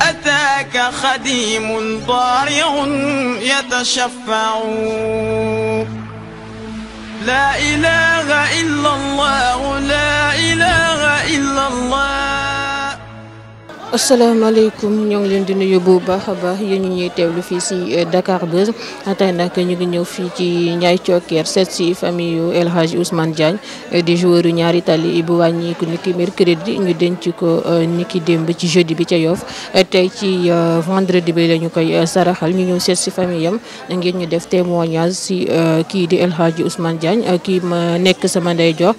أتاك خديم ضارع يتشفع لا إله إلا الله لا إله إلا الله asalaamaaleykum ñoo ngi leen di nuyu bu baax a baax yéen ñu ñuy teewlu fii si eh, Dakar Buzz tey nag ñu ngi ñëw fii ci Ndiaye Thioker set si famille yu El Hadj Ousmane Diagne eh, di joueur ñaari tali bu wàññiku niki mercredi ñu denc ko eh, niki démb ci jeudi bi ca Yoff tey ci vendredi bi la ñu koy saraxal ñu ñëw seet si famille yam ngir ñu def témoignage si kii di El Hadj Ousmane Diagne kii ma nekk sama ndeyjoor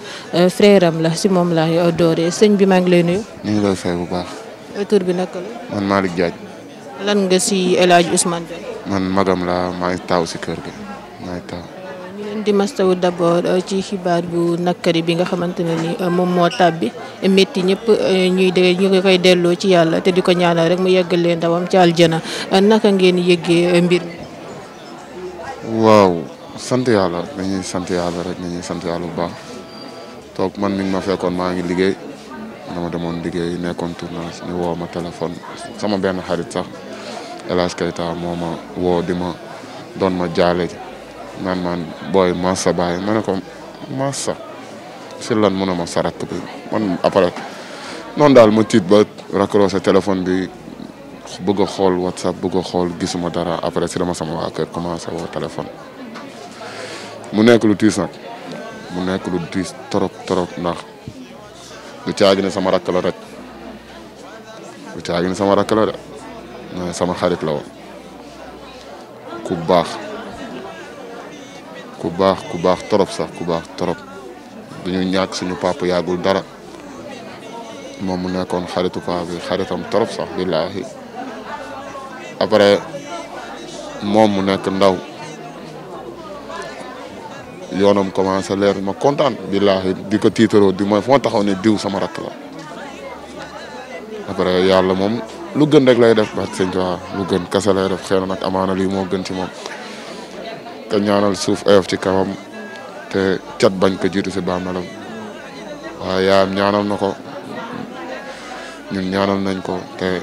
frère la si moom la doore sëñ bi maa ngi lay nuyu. ñu ngi lay fay bu baax. Euh, tur bi naka la. man Malick Diagne. lan nga si El Hadj man magam la maay taaw si kër gi maay taaw. Euh, ñu leen di mastawu d' abord euh, ci xibaar bu nakari bi nga xamante ne ni moom moo tàbbi métti ñëpp ñuy de ñu koy delloo ci yàlla te di ko ñaanal rek mu yeggal leen ndawam ci aljana naka ngeen yëggee mbir mi. waaw sant yàlla dañuy sant yàlla rek dañuy sant yàlla bu baax toog man mi ma fekkoon maa ngi liggéey. dama demoon liggéey nekkoon tournage woo ma téléphone sama benn xarit sax El Hadj Keita moo ma woo di ma ma jaale naan man booy Massa Baye ma ne ko Massa si lan mun a ma sarat bi man après noonu daal ma tiit ba raccroché téléphone bi bëgg a xool WhatsApp bëgg xool gisuma dara après si dama sama waa kër commencé woo téléphone mu nekk lu tiis nag mu nekk lu tiis trop trop ndax. du caagi ne sama rakk la rek du caagi ne sama rakk la de mais sama xarit la woon ku baax ku baax ku baax torop sax ku baax torop du ñu ñàkk suñu papa yàggul dara moom mu nekkoon xaritu papa bi xaritam torop sax billaahi après moom mu nekk ndaw yoonam commencé leer ma kontaan billaahi di ko tiitaroo di mooy fu ma taxaw ne diw sama rakk la après yàlla moom lu gën rek lay def baat sëñ Tuubaa lu gën kese lay def xëy na nag amaana lii moo gën ci moom te ñaanal suuf ayof ci kawam te cat bañ ko jiitu si bàmmeelam waaye yaayam ñaanal na ko ñun ñaanal nañ ko te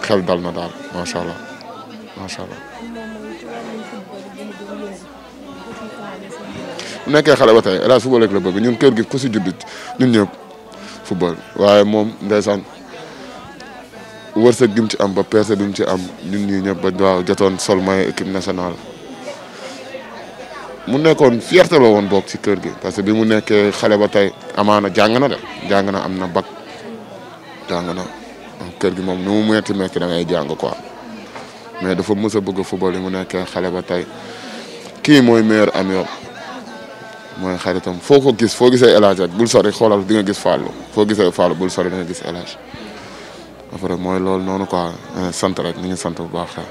xel dal na daal macha allah macha allah. bu nekkee xale ba tey El Hadj football rek la bëgg ñun kër gi ku si judd ñun ñëpp football waaye moom ndeysaan war sa mu ci am ba peese bi mu ci am ñun ñii ñëpp ba waaw jotoon sol may équipe nationale. mu nekkoon fierté la woon bokk ci kër gi parce que bi mu nekkee xale ba tey amaana jàng na de jàng na am na bac jàng na kër gi moom nu mu metti metti da ngay jàng quoi mais dafa mës a bëgg football yi mu nekkee xale ba tey kii mooy am ami mooy xaritam foo ko gis foo gisee El Hadj rek bul sori xoolal di nga gis Fallou foo gisee Fallou bul sori di nga gis El après mooy loolu noonu ko eh, sant rek ñu ngi sant bu baax daal.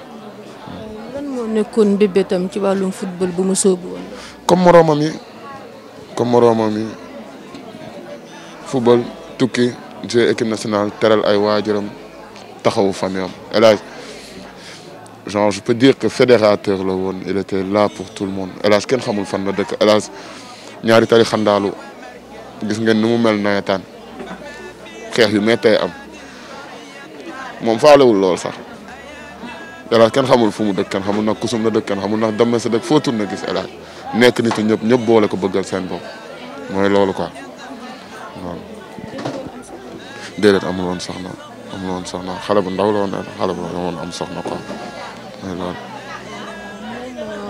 lan nekkoon bébétam ci wàllum football bu mu sóobu comme moroomam yi comme moroomam yi football tukki jouer équipe nationale teral ay waajuram taxawu famille am El Hadj genre je peux dire que fédérateur la woon il était là pour tout le monde El kenn xamul fan la dëkk El Hadj ñaari tari xandaalu gis ngeen ni mu mel nawetaan xeex yu méttee am moom faalewul lool sax El kenn xamul fu mu dëkk kenn xamul nag kusum na dëkk kenn xamul nag dem sa dëkk foo na gis El Hadj nekk nit ñëpp ñëpp boole ko bëggal seen bopp mooy loolu ko waaw. déedéet soxna amul soxna xale bu ndaw la woon soxna quoi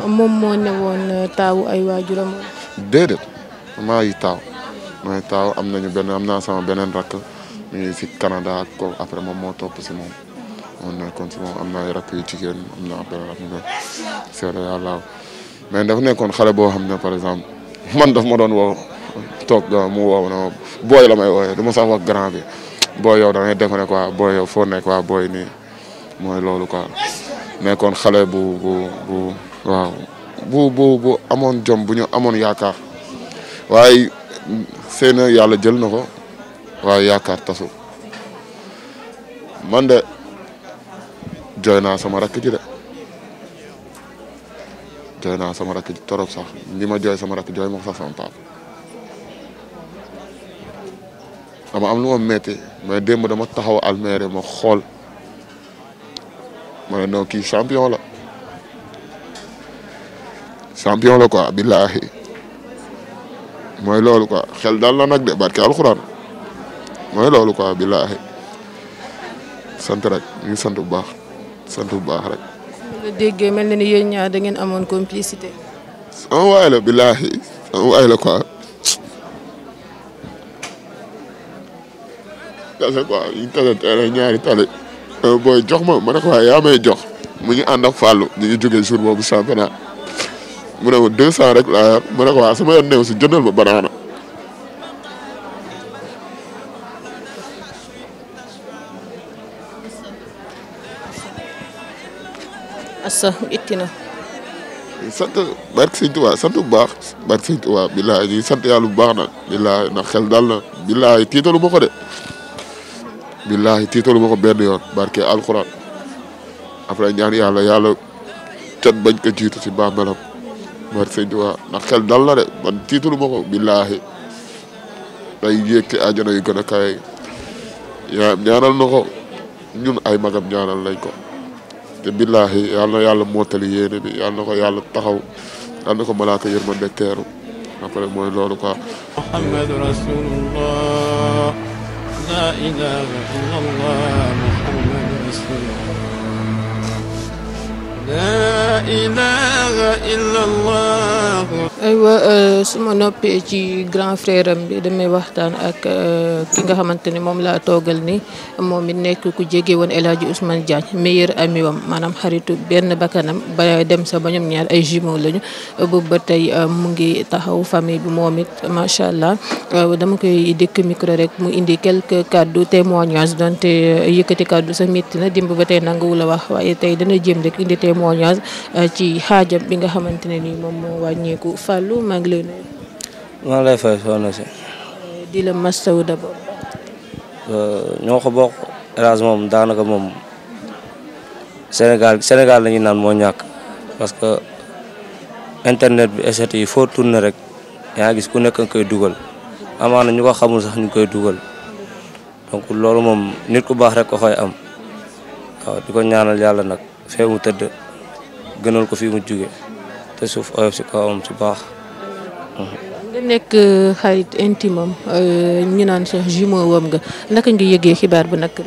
moom moo ne taawu ay waajuram déedéet yi taaw maay taaw am nañu benn am naa sama beneen rakk mi ngi fi Canada ak après moom moo topp si moom moom nekkoon si moom am naa ay rakk yu jigéen am na benn rakk nga seede yàlla mais dafa nekkoon xale boo xam ne par exemple man daf ma doon woo toog euh, mu woo booy la may wooyee du ma sax wax grand bi booy yow da ngay def ne quoi booy nekk quoi booy nii mooy loolu quoi nekkoon xale bu bu bu waaw. bu bu amoon jom bu ñu amoon yaakaar waaye xëy na yàlla jël na ko waaye yaakaar tasu man de jooy naa sama rakk ji de jooy naa sama rakk ji torop sax li ma jooy sama rakk jooy ma ko sax sama papa dama am lu ma metti mais démb dama taxaw almeere ma xool ma ne non kii champion la champion la quoi billaahi mooy loolu quoi xel daal la nag de barke alxuraan mooy loolu quoi billaahi sant rek ñu ngi sant bu baax sant bu baax rek. nga déggee mel na ni yéen ñaar da ngeen amoon complicité. sama waay la billaahi sama waay la quoi. tase quoi ñu tase teel ñaari tale. Euh, booy jox ma ma ne ko waaye yaa may jox mu ngi ànd ak Fallou ñu ngi jógee jour boobu championnat. mu ne ko rek laa waa sama yoon néew si jëndal ma banaana assa itti na sant barke sëñ Tuubaa sant bu baax barke sëñ Tuubaa billaay ñu sant yàlla bu baax nag billaay ndax xel dal na billaay tiitalu ma ko de billaay tiitalu ma ko benn yoon barke alxuraan après ñaan yàlla yàlla cat bañ ko jiitu ci bàmmeelam war sëñ Tuubaa ndax xel dal na de man tiitulu ma ko billaahi day yéeg ci àjjana yu gën ñaanal na ko ñun ay magam ñaanal lañ ko te billaahi yàlla na yàlla mottali yéene bi yàlla na ko yàlla taxaw yàlla na ko malaaka yërmande teeru mooy loolu quoi muhammadu rasulullah la ilaha illallah muhammadu rasulullah لا إله إلا الله aywa euh, su ma noppee ci grand frère am bi damay waxtaan ak euh, ki nga xamante ne moom laa toogal ni moom it nekk ku jege woon El Hadji Ousmane Diagne meilleur ami maanaam xaritu benn bakkanam ba dem sa ba ñaar ay jumeaux lañu boobu ba tey euh, mu ngi taxaw famille bi moom it macha allah dama koy dikk micro rek mu indi quelques kàddu témoignage donte yëkkati kàddu sa métti na dimb ba tey nanguwul a wax waaye tey dana jëm rek indi témoignage ci xaajam bi nga xamante ne Fallou maa ngi lay nuyu. maa ngi lay fay soxna si. di la mastaw d'abord. Euh, ñoo ko bokk Elhadj moom daanaka moom Sénégal Sénégal la naan moo ñàkk parce que internet bi et yi foo tourné rek yaa gis ku nekk nga koy dugal amaana ñu ko xamul sax ñu koy dugal donc loolu moom nit ku baax rek ko koy am waaw di ko ñaanal yàlla nag fee mu tëdd gënal ko fii mu juge te suuf oyof si kawam si baax. nga nekk euh, xarit intime am euh, ñu naan sax jumeau wam nga naka nga yëgee xibaar bu nakk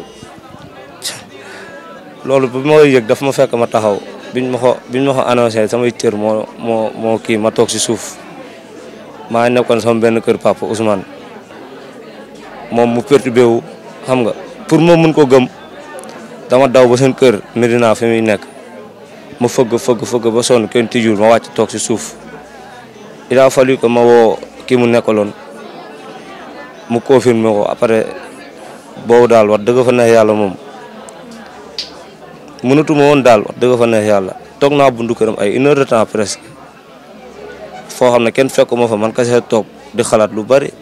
loolu bi ma koy yëg daf ma fekk ma taxaw biñ ma ko biñ ma ko annoncé samay moo moo moo kii ma toog si suuf maa ngi nekkoon sama benn kër papa Ousmane moom mu perturbé xam nga pour moom mun koo gëm dama daw ba seen kër Medina fi muy nekk. ma fëgg fëgg fëgg ba sonn kenn tijjul ma wàcc toog si suuf il a fallu ma woo kii mu nekkaloon mu confirmer ko après boobu daal wax dëgg fa neex yàlla moom mënatuma woon daal wax dëgg fa neex yàlla toog naa buntu këram ay une heure de temps presque foo xam ne kenn fekkuma fa man kese toog di xalaat lu bari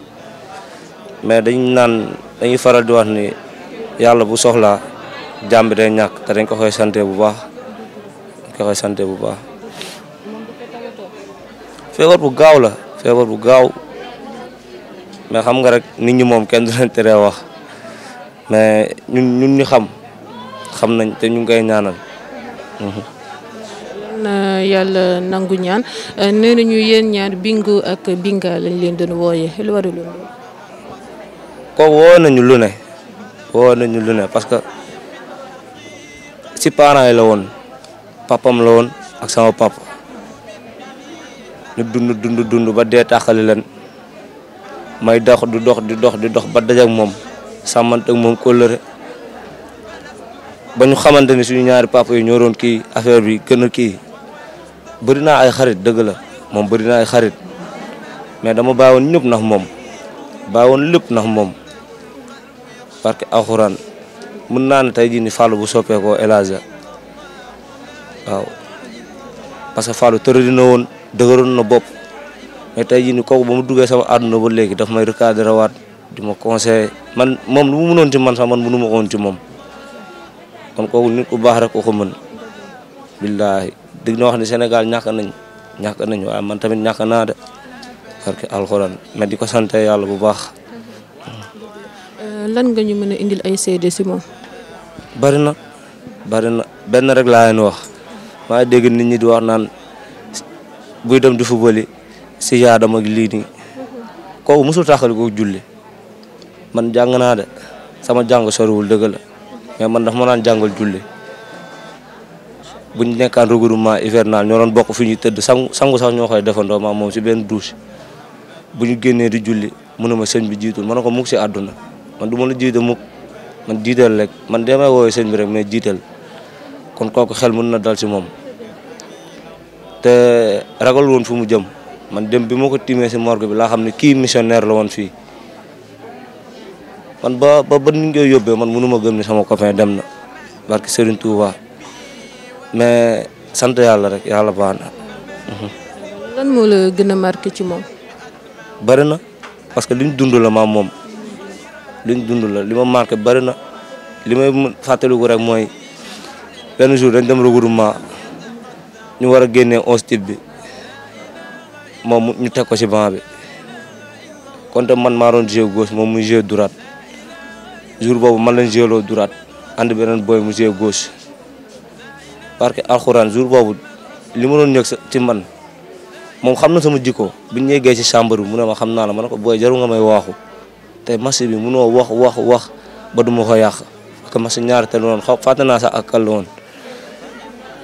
mais dañ naan dañuy faral di wax ni yàlla bu soxlaa jàmm bi day ñàkk te dañ ko koy sante bu baax nga koy sant bu baax. feebar bu gaaw la feebar bu gaaw mais xam nga rek nit moom kenn du leen wax mais ñun ñun ñu xam xam nañ te ñu ngi koy ñaanal. Mhm. na yàlla nangu ñaan euh, nee yéen ñaar bingu ak binga lañ leen doon wooyee lu waral woo nañu lu ne. woo nañu lu ne parce que si parents yi la woon. papam la woon ak sama papa ñu dund dund dund ba dee tàqali leen may dox du dox di dox di dox ba dajak moom sàmmante ak moom kóllëre ba ñu xamante ni suñu ñaari papa yi ñoo kii affaire bi gën a kii bëri naa ay xarit dëgg la moom bëri naa ay xarit mais dama bàyyiwoon ñëpp ndax moom bàyyiwoon lépp ndax moom parce que alxuraan mën naa ne tey jii ni fàllu bu soppeekoo Elaaja waaw parce que Fallou tërëri na woon dëgëroon na bopp mais te jii ni kooku ba mu duggee sama àdduna ba léegi daf may recadré waat di ma conseillé man moom lu mu mënoon man sax man mënu ma woon ci moom kon kooku nit ku baax rek ko ko mën billaahi dëgg na wax ne Sénégal ñàkk nañ ñàkk nañ waaye man tamit ñàkk naa de parce alxuraan mais di ko sante yàlla bu baax. Euh, lan nga ñu mën a indil ay seede si moom. bari na bari na benn rek laa leen wax. maa dégg ni ñi di wax naan buy dem di football si yaadama ak lii nii kooku mosul tàqali ko julli man jàng naa de sama jàng soriwul dëgg la mais man dafa ma naan jàngal julli buñ nekkaan regroupement hivernal ñoo doon bokk fi ñuy tëdd sangu sangu sax ñoo koy defandoo ma moom si benn douche bu ñu génnee di julli mu ne ma sëñ bi jiitul ma ne ko mukk si àdduna man du ma la jiite mukk man jiital rek man demay woowee sëñ bi rek mais jiital kon kooku xel mën na dal si moom te ragal woon fu mu jëm man dem bi moo ko tiimee si morgue bi laa xam ne kii missionnaire la woon fii man ba ba ba ñu yóbbee man mënuma gëm sama copain dem na barke Serigne Touba mais sant yàlla rek yàlla baax na. Mhm. lan gën a marqué ci moom. bari na parce que liñ dund la maam moom liñ dund la li ma marqué bari na li may fàttaliku rek mooy. benn jour dañ dem regroupement ñu war a génnee onze type bi moom ñu teg ko si banc bi kon tam man maaroon doon joué moom muy joué durat jour boobu man lañ joué loo droite ànd beneen booy mu joué gauche parce que alxuraan jour boobu li ma doon ñëg ci man moom xam na sama jikko biñ ñeggee ci sambaru mu ne ma xam naa la man ne ko booy jaru nga may waaxu te marché bi munoo wax wax wax ba du ma ko yàq parce que marché ñaari te loon xaw fàtte naa sax ak kàll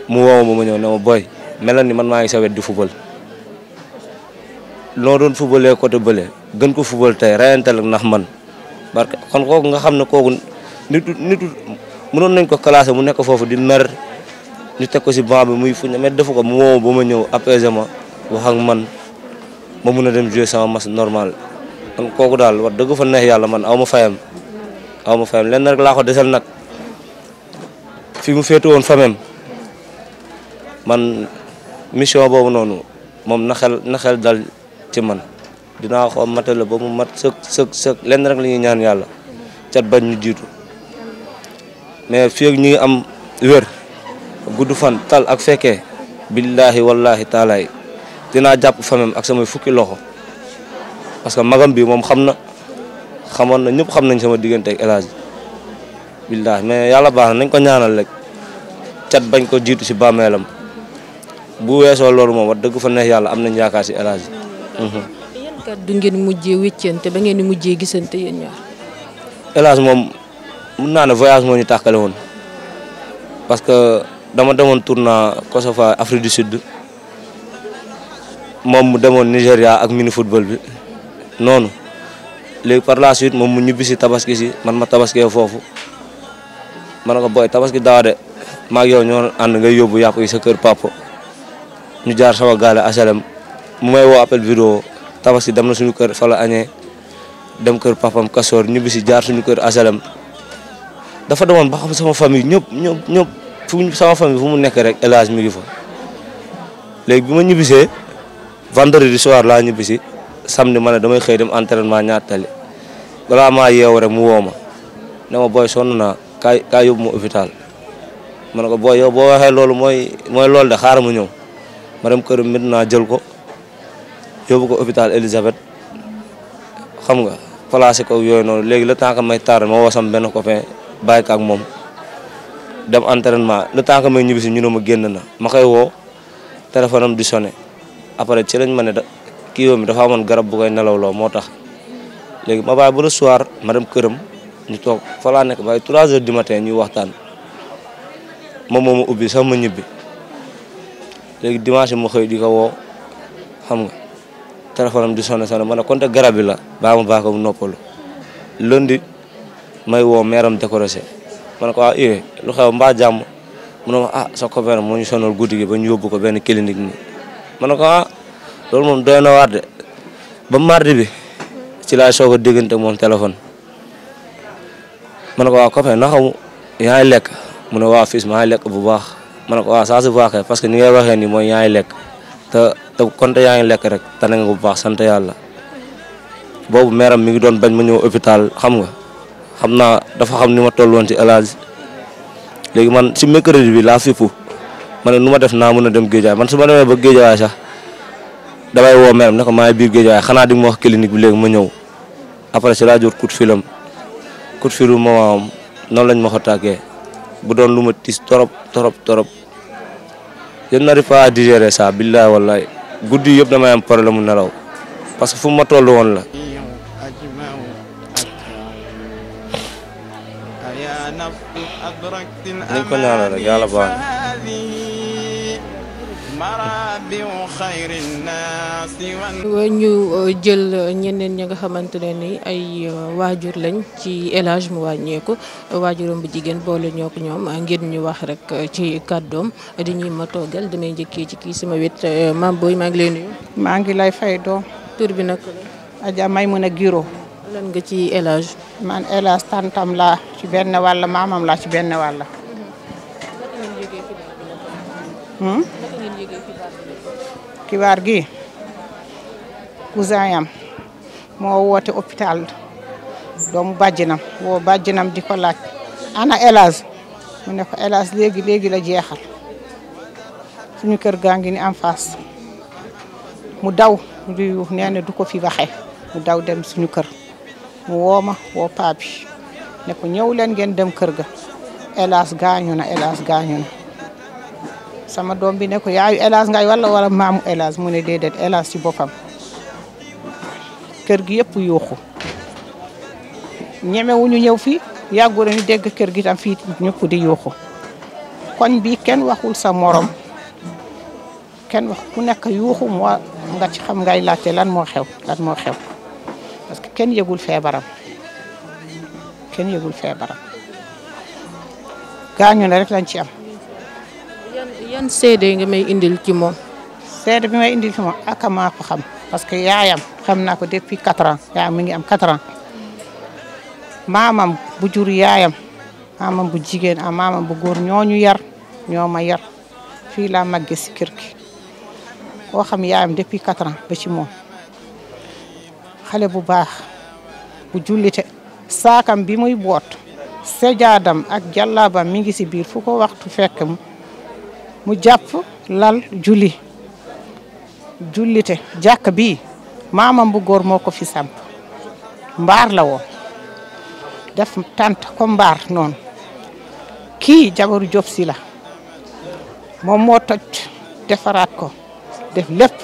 mu woow ma ma ñëw ne ma booy meloon ni man maa ngi sa wet di football loo doon footballee côté bële gën ko football tey rayantal ak ndax man barke kon kooku nga xam ne kooku nitu nitu mënoon nañ ko classé mu nekk foofu di mer ñu teg ko si banc bi muy fu ñu mais defu ko mu woow ma ñëw apaisé ma wax man ma mun a dem jouer sama match normal kon kooku daal wax dëgg fa neex yàlla man aw ma fayam aw ma fayam lenn nag fi mu féetu woon famem man mission boobu noonu moom naxel naxel dal ci man dinaa xoo matala ba mu mat sëk sëk lenn rek la ñuy ñaan yàlla cat bañ ñu jiitu mais fii ak ñu ngi am wér gudd fan tal ak fekkee billaahi wallaahi taalaay dinaa jàpp famem ak samay fukki loxo parce que magam bi moom xam na xamoon na ñëpp xam nañ sama diggante ak El billaahi mais yàlla baax nañ ko ñaanal rek cat bañ ko jiitu si bàmmeelam bu weesoo loolu moom a dëgg fa neex yàlla am nañ yaakaar si El Hadj. yan kàddu ngeen di mujjee gisante yéen ñaar. El moom mun naa ne voyage moo ñu tàkkale woon parce que dama demoon tournoi Kosovo Afrique du Sud moom mu demoon Nigéria ak mini football bi noonu léegi par la suite moom mu ñibbisi tabaski si man ma tabaskee foofu ma ne ko booy tabaski daaw de maa ngi yow ñoo ànd ngay yóbbu yàpp yi sa kër papa. ñu jaar sama gaale HLM mooy may woo appel vidéo tabaski dem na suñu kër fa la añee dem kër papam kasoor ñibbi si jaar suñu kër HLM dafa demoon ba xam sama famille ñëpp ñëpp ñëpp fu sama famille fu mu nekk rek élage mi ngi fa léegi bi ma ñibbisee vendredi soir laa ñibbisi samedi ma ne damay xëy dem entraînement ñaatali balaa maa yeew rek mu woo ma ne ma booy sonn naa kaay yóbbu ma hôpital ma ne ko booy yow boo waxee loolu mooy mooy loolu de xaaral mu ñëw ma dem këram maintenant jël ko yóbbu ko hôpital Elisabeth xam nga placé ko yooyu noonu léegi la temps may tardé ma woo sama benn copain bàyyi ko ak moom dem entraînement le temps may ñibbi si ñu ne ma génn na ma koy woo téléphone am di sonné après ci lañ ma ne da kii yow mi dafa amoon garab bu koy nelawloo moo tax léegi ma bàyyi ba soir ma dem këram ñu toog falaa laa nekk ba ay 3 heures du matin ñuy waxtaan moom moo ma ubbi sax ma ñibbi. léegi dimanche ma xëy di ko woo xam nga téléphone di sonné sonné ma ne konte garab bi la baa ma baa ko noppalu lundi may woo meeram décorosé ma ne ko waaw ah, urée eh, lu xew mbaa jàmm mu ne ah, ba ñu yóbbu ko benn clinique ma ne ko ah loolu moom doy na waar de ba mardi bi ci soog a déggante moom téléphone ma ne ko waaw ah, copain na xamu lekk mu ne waaw fils maa lekk bu baax ma ne ko waaw ça se voit parce que ni ngay waxee nii mooy yaa lekk te te konte yaa ngi lekk rek tane nga bu baax sant yàlla boobu meeram mi ngi doon bañ ma ñëw opital xam nga xam naa dafa xam ni ma toll woon ci élage léegi man si mercredi bi laa fippu ma ne nu ma def naa mën a dem géejawaay man su ma demee ba géejawaay sax damay woo meeram ne ko maa biir géejawaay xanaa di ma wax clinique bi léegi ma ñëw après si laa jot coup de filam coup de filu ma noonu lañ ma ko tàggee bu doon lu ma tiis torop torop torop yéen nari fa digérer ça billaay wallaay guddi yëpp damay am problème mu nelaw parce que fu ma toll woon la. nañ ñu euh, jël euh, ñeneen ñi nga xamante ne ni ay euh, waajur lañ ci élage mu wàññeeku waajuram bu jigéen boole ñoo ko ñoom ngir ñu wax rek ci kàddoom di ñuy ma toogal damay njëkkee ci kii sama wet maam booy maa ngi lay nuyu. maa ngi lay fay doom. tur bi nag. Adja Maymuna Giro. lan nga ci élage. man élage tantam laa ci benn wàll maamam laa ci benn wàll. Mhm. Kiwaar gi cousin yam moo woote hôpital doomu bàjjinam woo bàjjinam di ko laaj ana elage mu ne ko léegi léegi la jeexal suñu kër gaa ngi ni en face mu daw di yuux du ko fi baxe mu daw dem suñu kër mu woo ma woo paa bi ne ko ñëw leen ngeen dem kër ga elage gaañu na elage gaañu na sama doom bi ne yaayu El Hadj ngay wala wala maamu El Hadj mu ne déedéet El Hadj ci boppam kër gi yëpp yuuxu ñemewuñu ñëw fii yàggu ñu dégg kër gi tam fii ñëpp di yuuxu koñ bi kenn waxul sa morom kenn wax ku nekk yuuxu moo nga ci xam ngay laajte lan moo xew lan moo xew parce que kenn yegul feebaram kenn yëgul feebaram gaañu na rek lañ ci am. ban seede nga may indil ci moom. seede bi may indil ci moom ak maa ko xam parce que yaayam xam naa ko depuis quatre ans yaayam mi ngi am quatre ans maamam bu jur yaayam maamam bu jigéen a ah, maamam bu góor ñooñu yar ñoo ma fii laa màggee si kër gi koo xam yaayam depuis quatre ans ba ci moom xale bu baax bu jullite saakam bi muy boot sejaadam ak jàllaabam mi ngi si biir fu ko waxtu fekk mu jàpp lal julli jullite jàkk bi maamam bu góor moo ko fi samp mbaar la woon def tànt ko mbaar noonu kii jabaru Diop si la moom moo toj defaraat ko def lépp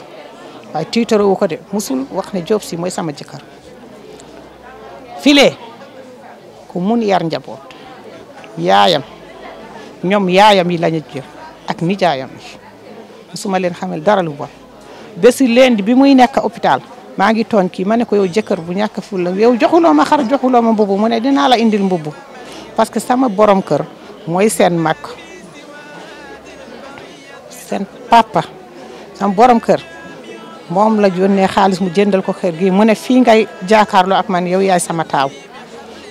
waaye tiitarowu ko de musul wax ne Diop si mooy sama jikar file ku mun yar njaboot yaayam ñoom yaayam yi lañu jël ak nijaayam musuma leen xamal dara lu bon bési bi muy nekk hôpital maa ngi tooñ kii ma ne ko yow jëkkër bu ñàkk ful la yow joxuloo ma xar joxuloo ma mbubu mu ne dinaa la indil mbubu parce que sama borom kër mooy seen mag seen papa sama borom kër moom la yónnee xaalis mu jëndal ko kër gi mu ne fii ngay jaakaarloo ak man yow yaay sama taaw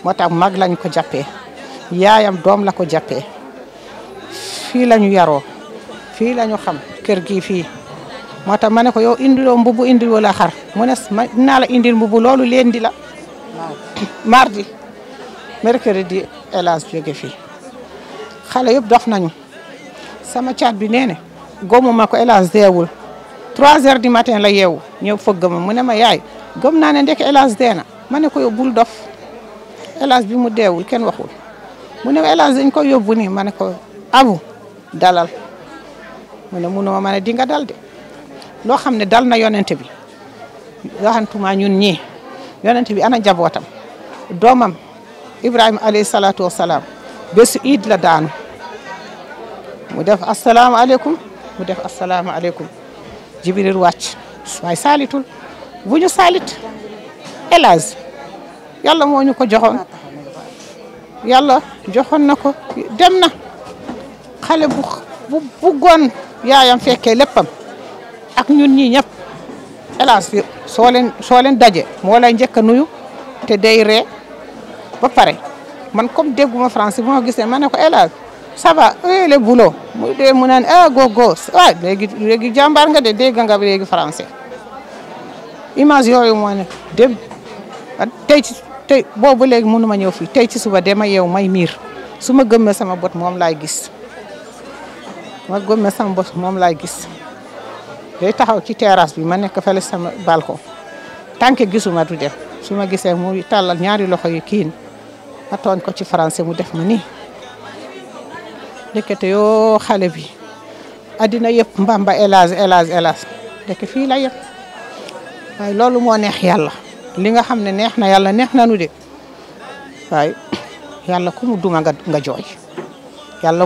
moo tax mag lañ ko jàppee yaayam doom la ko jàppee fii la ñu yaroo fii la ñu xam kër gi fii moo tax ma ne ko yow indiloo mbubu indil wala xar mu ne ma naa la indil mbubu loolu leen di la mardi mercredi hélas jóge fii xale yëpp dox nañu sama caat bi nee ne gomuma ko hélas deewul trois heures du matin la yeewu ñëw fog ma mu ne ma yaay gëm naa ne ndek hélas dee na ma ne ko yow bul dof hélas bi mu deewul kenn waxul mu ne hélas dañ ko yóbbu nii ma ne ko abu dalal mu ne ma ne di dal de loo xam ne dal na yonente bi ma ñun ñii yonente bi ana njabootam doomam Ibrahima alayhi salaatu wa salaam bésu la daanu mu def asalaamaaleykum mu def asalaamaaleykum Jibril wàcc waaye saalitul bu ñu saalit elage yàlla moo ñu ko joxoon yàlla joxoon na ko dem na. xale bu bu buggoon yaayam fekkee léppam ak ñun ñi ñëpp hélas bi soo leen soo leen daje moo lay njëkk a nuyu te day ree ba pare man comme dégguma français bu ma gisee ma ne ko hélas ça va oyee le boulot dee mu naan ah, gogo waaw léegi léegi jàmbaar nga de dégg nga léegi français image yooyu moo ne dem tey ci tey boobu léegi mënu ma ñëw fii tey ci suba dama yeew may miir su ma gëmmee sama bot moom laay gis. ma gomme sama bos moom laay gis day taxaw ci terrasse bi ma nekk fële sama balcon tànk gisuma du dem su ma gisee mu tàllal ñaari loxo yu kiin ma tooñ ko ci français mu def ma nii ndekete yoo xale bi addina yëpp mbamba élage élage élage ndeke fii la yëpp waaye loolu moo neex yàlla li nga xam ne neex na yàlla neex na nu de waaye yàlla ku duma nga jooy yàlla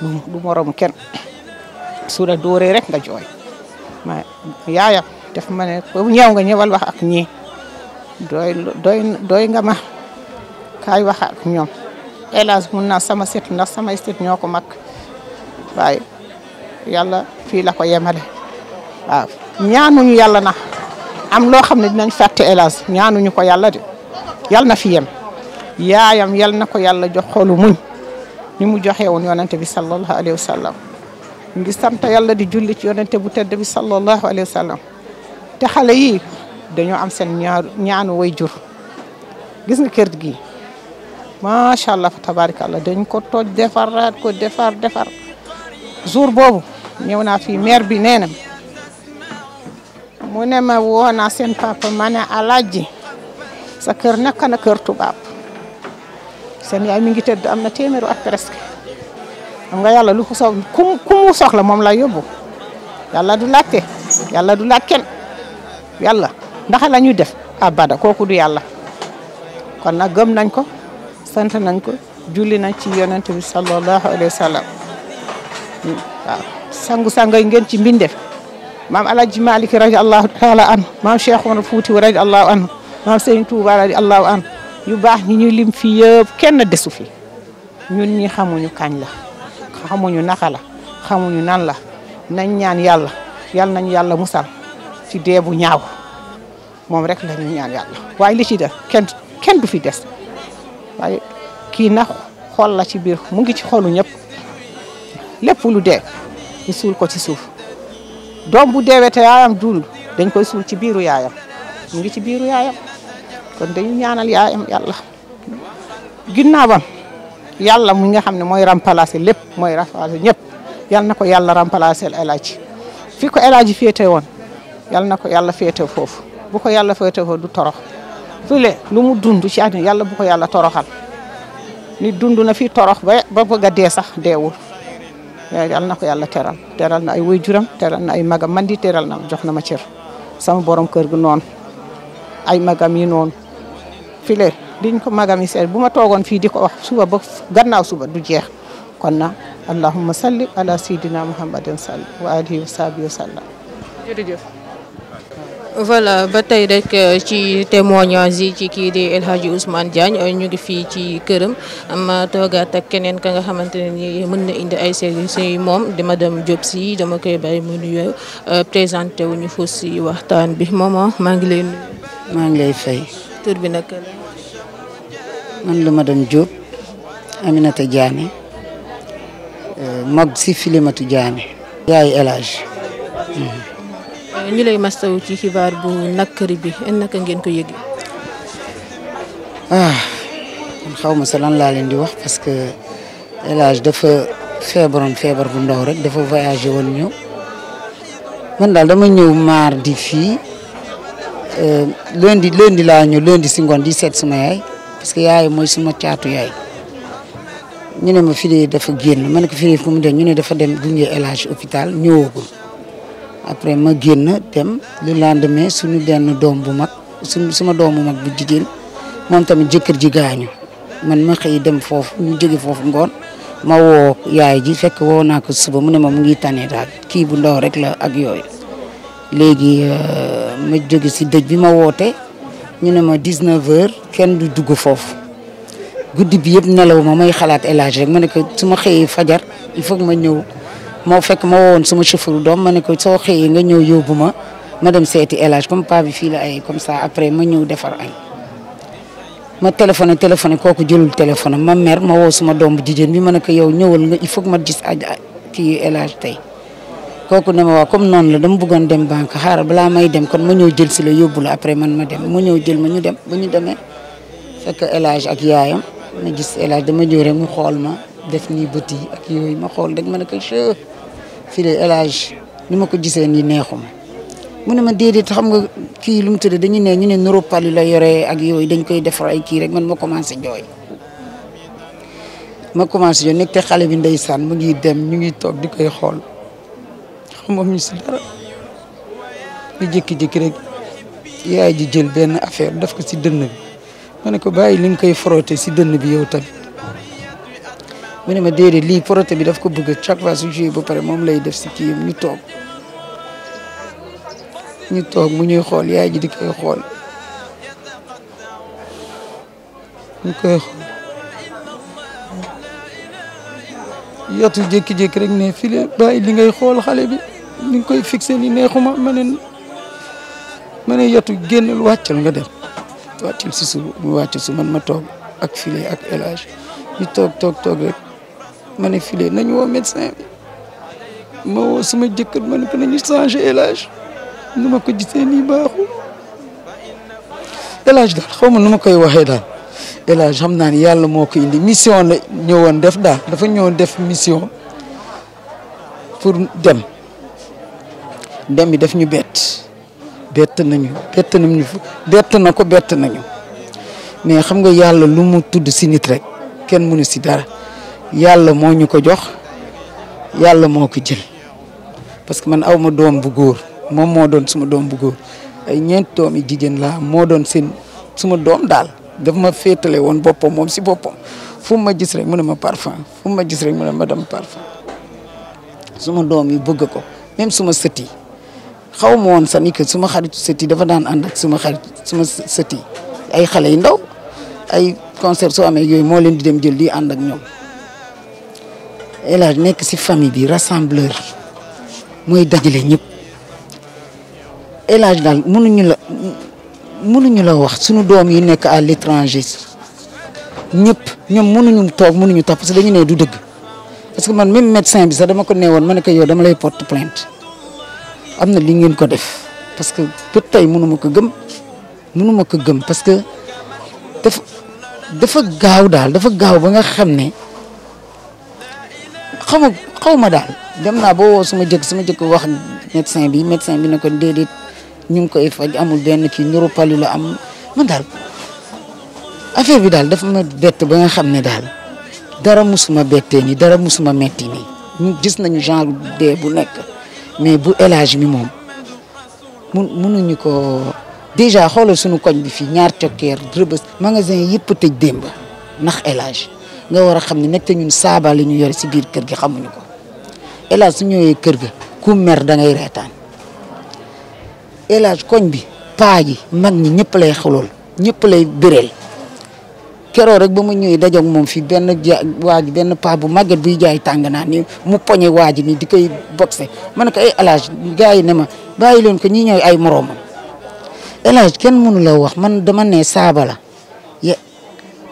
du moroom kenn su la rek nga jooy ma yaayam def ma ne ko ñëw nga ñëwal wax ñii doy doy nga ma kaay wax ñoom hélas mun na sama sit ndax samay sit ñoo ko mag waaye yàlla fii la ko yemale waaw ñaanuñu yàlla na am loo xam ne dinañ fàtte hélas ñaanuñu ko yàlla de yàlla na fi yem yaayam yàlla na ko yàlla jox xolu muñ ni mu joxe woon yonante bi sallallahu alayhi wa ngi sant yàlla di julli ci yonente bu tedd bi sallallahu alayhi wa sallam te xale yi dañoo am seen ñaar ñaanu way jur gis nga kër gi macha allah fa tabarakallah dañ ko toj defaraat ko defar defar jour boobu ñëw naa fi maire bi nee na mu ne ma woo naa seen papa ma ne alaaji sa kër naka na kër tubaab seen yaay mi ngi tëdd am na téeméeru ak presque xam nga yàlla lu ko soxla ku mu soxla moom lay yóbbu yàlla du laajte yàlla du laaj kenn yàlla ndax la ñuy def abada kooku du yàlla kon nag gëm nañ ko sant nañ ko julli nañ ci yonent bi sallallahu alayhi wa sallam waaw sangu sangay ngeen ci mbindeef maam Alaaji Malik radi allahu taala anhu maam Cheikh Omar Fuuti radi allahu anhu maam Sëriñ Tuuba radi allahu anhu yu baax ñi ñuy lim fii yëpp kenn desu fi ñun ñi xamuñu kañ la xamuñu naka la xamuñu nan la nañ ñaan yàlla yal nañ yàlla musal ci dee bu ñaaw moom rek la ñu ñaan yàlla waaye li ci def du fi des waaye kii na xool la ci biir mu ngi ci xolu ñëpp lépp lu dee ñu suul ko ci suuf doom bu deewee te yaayam dund dañ koy suul ci biiru yaayam mu ngi ci biiru yaayam kon dañu ñaanal yaayam yàlla ginnaawam yàlla mu nga xam ne mooy remplacer lépp mooy remplacer ñëpp yal na ko yàlla remplacer El Hadj fi ko El Hadj féete woon yal na ko yàlla féete foofu bu ko yàlla féete foofu du torox file lu mu dund ci àddina yàlla bu ko yàlla toroxal ni dund na fi torox ba ba bëgg a dee sax deewul yal na ko yàlla teral teral na ay waajuram teral na ay magam man di teral na jox na ma cër sama borom kër gi noonu ay magam yi noonu file diñ ko magam yi bu ma toogoon fii di ko wax suba ba gannaaw suba du jeex kon na allahumma salli ala sayyidina muhammadin salli wa alihi wa sahbihi wa sallam jërëjëf voilà ba tey rek euh, ci témoignage yi ci kii di El Hadji Ousmane Diagne euh, ñu ngi fii ci këram ma toogaat ak keneen ka nga xamante ne mën na indi ay services yi moom di madame Diop si dama koy bàyyi mu nuyoo euh, présenté wu ñu foofu si waxtaan bi moom maa ngi lay maa ngi lay fay. tur bi nag. man la jóob Diop Aminata Diané euh, mag si Filimatu Diané. yaay El Hadj. Mhm. ñu lay mastaw ci xibaar bu nakkari bi naka ngeen ko yëg. ah xaw ma sa lan laa leen di wax parce que El dafa feebaroon feebar bu ndaw rek dafa voyagé woon ñëw man daal dama ñëw di fii euh, lundi lundi laa ñëw lundi si ngoon di seet suma yaay. parce que yaay mooy ma caatu yaay ñu ne ma Fidé dafa génn ma ne ko Fidé fu mu dem ñu ne dafa dem gunge El Hadj hôpital ñëwagul après ma génn dem le lendemain suñu benn doom bu mag su suma doom bu mag bu jigéen moom tamit jëkkër ji gaañu man ma xëy dem foofu ñu jóge foofu ngoon ma woo yaay ji fekk woo naa ko suba mu ne ma mu ngi tane daal kii bu ndaw rek la ak yooy léegi euh, ma jóge si dëj bi ma woote ñu ne ma 19h kenn du dugg foofu guddi bi yëpp nelaw ma may xalaat El rek ma ne ko su ma xëyee fajar il faut ma ñëw moo fekk ma wowoon sama chauffeur doom ma ne ko soo xëyee nga ñëw yóbbu ma ma dem seeti El Hadj comme paa bi fii la ay comme ça après ma ñëw defar añ ma téléphoné téléphone kooku jëlul téléphone ma mer ma woo suma doom bu jigéen bi ma ne ko yow ñëwal nga il faut ma gis aj kii El Hadj tey. kooku ne ma waa comme noonu la dama bëggoon dem banque xaaral balaa may dem kon ma ñëw jël si la yóbbu la après man ma dem ma ñëw jël ma ñu dem ba ñu demee fekk El Hadj ak gis El dama ñëw rek mu xool ma def nii bët yi ak yooyu ma xool rek ma ne ko che fii de El Hadj ma ko gisee nii neexuma mu ne ma déedéet xam nga kii lu mu dañu ne ñu ne neuropali la yoree ak yooyu dañ koy defar ay kii rek man ma commencé jooy ma commencé jooy te xale bi ndeysaan mu ngi dem ñu ngi toog di koy xool xamoon ñu si dara ñu jékki ji jël benn affaire daf ko si dënn ne ko bàyyi li nga koy frotté si dënn bi yow tamit mu ne ma déedéet lii frotté bi daf ko bëgg chaque fois ba pare moom lay def si kii ñu toog ñu toog mu ñuy xool yaay ji di koy xool ñu koy xool rek ne file bàyyi li xool xale bi ni nga koy fixe ni neexuma ma ne ma ne yetu génnal wàccal nga dem wàccal si suuf mu wàccal su man ma toog ak filet ak élage ñu toog toog toog rek ma ne filet nañ woo médecin ma woo sama jëkkër ma ko nañu changé élage nu ma ko gisee nii baaxul élage daal xaw ma nu ma koy waxee daal élage xam naa ni yàlla moo ko indi mission la def daal dafa ñëwoon def mission pour dem dem bi daf ñu bett bett nañu bett nañu bett na ko bett nañu mais xam nga yàlla lu mu tudd si nit rek kenn mënu si dara yàlla moo ñu ko jox yàlla moo ko jël parce que man aw ma doom bu góor moom moo doon suma doom bu góor ay ñeent doom yi jigéen laa moo doon seen suma doom daal daf ma féetale woon boppam moom si boppam fu ma gis rek mu ne ma parfum fu ma gis rek mu ne ma dem parfum suma doom yi bëgg ko même suma sët xaw ma woon sax ni que suma xaritu sët yi dafa daan ànd ak suma xarit suma sët yi ay xale yu ndaw ay concert soo amee yooyu moo leen di dem jël di ànd ak ñoom El nekk si famille bi rassembleur mooy dajale ñëpp El Hadj daal mënuñu la mënuñu la wax suñu doom yi nekk à l'étranger ñëpp ñoom mënuñu toog mënuñu topp parce que dañu ne du dëgg parce que man même médecin bi sax dama ko nee woon ma ne ko yow dama lay porte plainte am na li ngeen ko def parce que ba tey mënu ko gëm mënu ma ko gëm parce que dafa gaaw daal dafa gaaw ba nga xam ne xaw ma xaw ma daal dem naa boo suma jëkk suma jëkk wax médecin bi médecin bi ne ko déedéet ñu ngi koy faj amul benn ki neuropalu la am man daal affaire bi daal dafa ma bett ba nga xam ne daal dara musuma bettee nii dara musuma metti nii ñu gis nañu genre dee bu nekk mais bu élage mi moom mun munuñu ko déjà xoolal suñu koñ bi fii ñaar cokkeer rëbës magasin yëpp tëj démb ndax élage nga war a xam ne nag te ñun saaba ñu yore si biir kër gi xamuñu ko élage su ñëwee kër gi ku mer da ngay reetaan élage koñ bi paa yi mag ñi ñëpp lay xalool ñëpp lay bëreel keroo rek ba mu ñëwee dajeeg moom fii benn ja waa ji benn paa bu màgget buy jaay tàng naa ni mu poñe waa ji di koy boxe ma ne ko ay eh, El Hadj gars yi ne ma bàyyi leen ko ñi ñooy ay moroomam El kenn mënu la wax man dama ne saaba la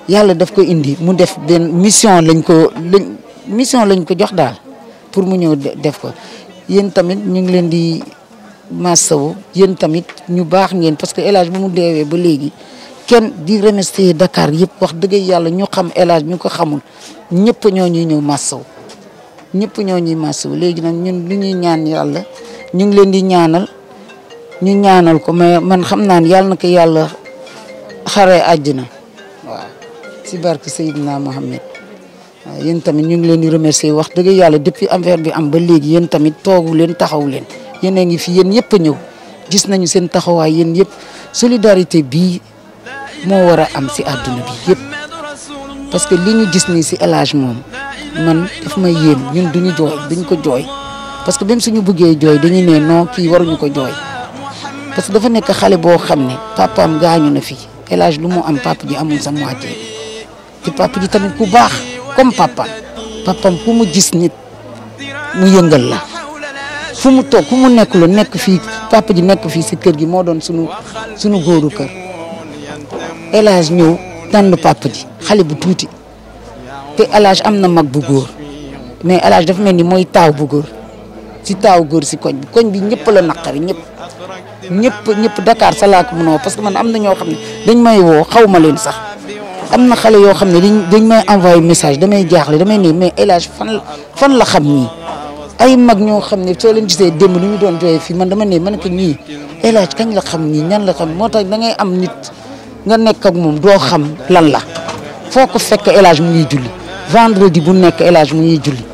yàlla daf ko indi mu def benn mission lañ ko lañ mission lañ ko jox daal pour mu ñëw def ko yéen tamit ñu ngi leen di masawu yéen tamit ñu baax ngeen parce que El Hadj mu deewee ba léegi. kenn di remercier Dakar yëpp wax dëgg yàlla ñu xam El Hadj ñu ko xamul ñëpp ñoo ñu ñëw massaw ñëpp ñoo ñuy massaw léegi nag ñun li ñuy ñaan yàlla ñu ngi leen di ñaanal ñu ñaanal ko ma man xam naa ne yàlla na ko yàlla xaree àjjana waaw si barke Seydina Mohamed waaw yéen tamit ñu ngi leen di remercier wax dëgg yàlla depuis affaire bi am ba léegi yéen tamit toogu leen taxaw leen yéen ngi fi yéen ñëpp a ñëw gis nañu seen taxawaay yéen yëpp solidarité bii moo war a am si àdduna bi yëpp parce que li ñu gis nii si El moom man daf may yéem ñun duñu jooy duñ ko jooy parce que même suñu buggee jooy dañuy ne non kii waruñu ko jooy parce que dafa nekk xale boo xam ne papaam gaañu na fii El Hadj lu mu am papa ji amul sa moitié te papa ji tamit ku baax comme papaam papaam ku mu jis nit mu yëngal la fu mu toog fu mu nekk lu nekk fii papa ji nekk fii si kër gi moo doon sunu sunu góoru kër El Hadj ñëw tànn papa ji xale bu tuuti te El am na mag bu góor mais El Hadj dafa mel ni mooy taaw bu góor si taaw góor si koñ bi koñ ñëpp la naqari ñëpp ñëpp ñëpp Dakar sa laa ko mënoo parce que man am na ñoo xam ne dañ may woo xaw ma leen sax am na xale yoo xam ne dañ dañ may envoyé message damay jaaxle damay nii mais El Hadj fan fan la xam ñii ay ñoo xam ne soo leen gisee démb lu ñu doon jooyee fii man dama ne man ko ñii El Hadj kañ la xam ñii ñan la xam moo tax da am nit. nga nekk ak moom doo xam lan la foo ko fekk El Hadj mu ngi julli vendredi bu nekk El Hadj mu ngi julli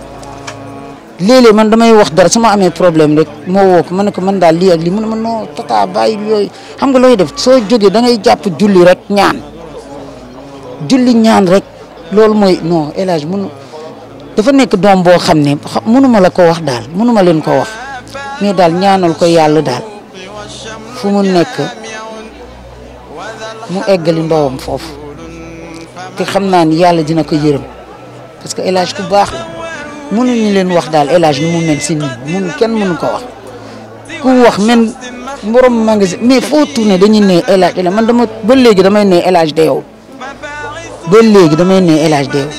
léeg-léeg man damay wax dara su ma amee problème rek moo woo ko ma ne ko man daal lii ak mun mu ne ma non tata bàyyi yooyu xam nga looy def soo jógee da ngay jàpp julli rek ñaan julli ñaan rek loolu mooy non El Hadj dafa nekk doom boo xam ne mënuma la ko wax daal mënuma leen ko wax mais daal ñaanal ko yàlla daal fu mu nekk. mu eggali ndawam foofu te xam naa ni yàlla dina ko yërëm parce que El Hadj ku baax la mënuñu leen wax daal El nu mu mel si nii mënu kenn mënu ko wax ku wax men borom magasin mais foo tourné dañuy ne El Hadj man dama ba léegi damay ne El Hadj de léegi damay ne El Hadj de yow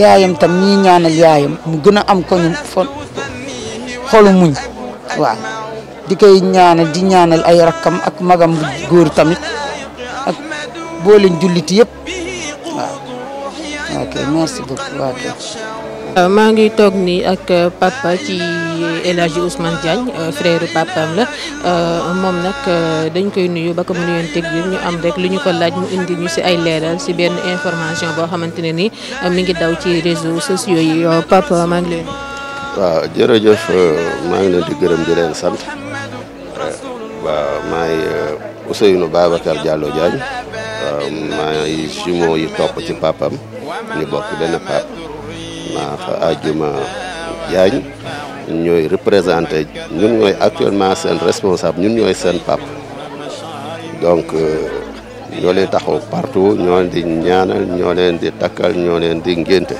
yaayam tam ñii ñaanal yaayam mu gën a am ko ñu fo xolu di koy ñaanal di ñaanal ay rakkam ak magam góor tamit. boo leen jullit yëpp waaw euh, maa ngi toog nii ak euh, papa ci El Hadji Ousmane Diagne euh, frère papaam la moom nag dañ koy nuyu ba ko mu nuyoon teg ñu am rek lu ñu ko laaj mu indi ñu si ay leeral si benn information boo xamante ne ni mi ngi daw ci réseaux sociaux yi papa maa ngi leen waaw jërëjëf maa ngi leen di gërëm di leen sant waaw maay Ousseynou Babacar Diallo Diagne. lañ maay jumeau yi topp ci papam ñu bokk benn pap maa fa ajuma jaañ ñooy représenté ñun ñooy actuellement seen responsable ñun ñooy seen pap donc euh, ñoo leen taxaw partout ñoo leen di ñaanal ñoo leen di takkal ñoo leen di ngénte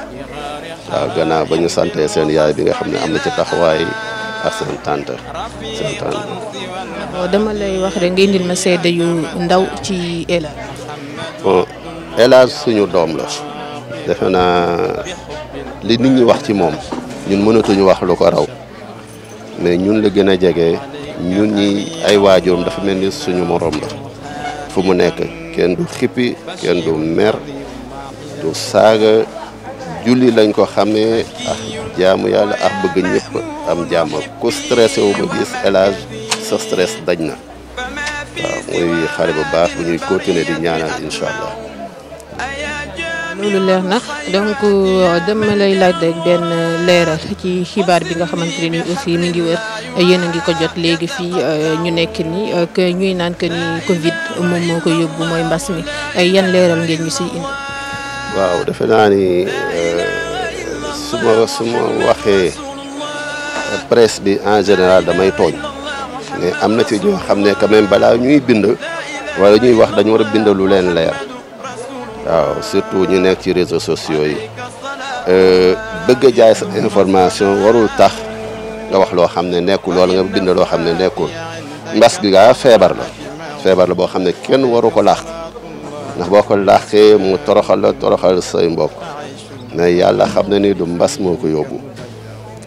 waaw gannaaw ba ñu sante seen yaay bi nga xam ne am na ci taxawaay ak seen tante seen tante. dama lay wax rek nga indil ma seede yu ndaw ci Ela. bon suñu doom la defe naa li nit ñi wax ci moom ñun mënatuñu wax lu ko raw mais ñun la gën a jege ñun ñi ay waajuram dafa mel ni suñu moroom la fu mu nekk kenn du xippi kenn du mer du saaga julli lañ ko xamee ak ah, jaamu yàlla ak ah, bëgg ñëpp am jàmm ku stressé wu ma gis El sa stress daj na waaw muy xare bu baax bu ñuy continuer di ñaanal incha allah. loolu leer na donc euh, dama lay laaj de benn leeral ci xibaar bi nga xamante ne nii aussi mi ngi wër yéen a ngi ko jot léegi fii euh, ñu nekk nii euh, ñuy naan que ni Covid moom moo ko yóbbu mooy mbas mi yan leeral ngeen ñu siy indi. waaw defe naa ni su ma su waxee presse bi en général damay tooñ. am na ci ñoo xam ne quand même balaa ñuy bind wala ñuy wax dañu war a bindalu leen leer waaw surtout ñu nekk ci réseaux sociaux yi euh, bëgg a jaay sa information warul tax nga wax loo xam ne nekkul wala nga bind loo xam ne nekkul mbas gi gaa feebar la feebar la boo xam ne kenn waru ko làq ndax boo ko làqee mu toroxal la toroxal say mbokk mais yàlla xam na ni du mbas moo ko yóbbu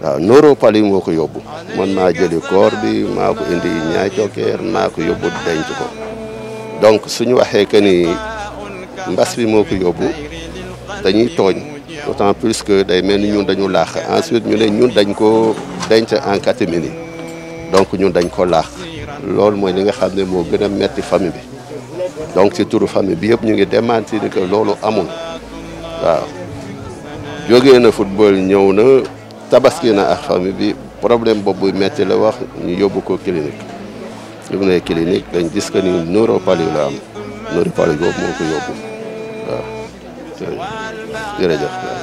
waaw Noropaly moo ko yóbbu man maa jëli koor bi maa ko indi ñaay cokkeer maa yóbbu denc ko donc suñu waxee que ni mbas bi moo ko yóbbu dañuy tooñ d'autant plus que day mel ni ñun dañu laax ensuite ñu ne ñun dañ ko denc en catimini donc ñun dañ ko laax loolu mooy li nga xam ne moo gën a metti famille bi donc ci turu famille bi yëpp ñu ngi démenti ni que loolu amul waaw jógee na football ñëw na tabaski na ak famille bi problème boobu metti la wax ñu yóbbu ko clinique ñu mu nee clinique dañ gis que ni neuropali la am neuropali boobu moo ko yóbbu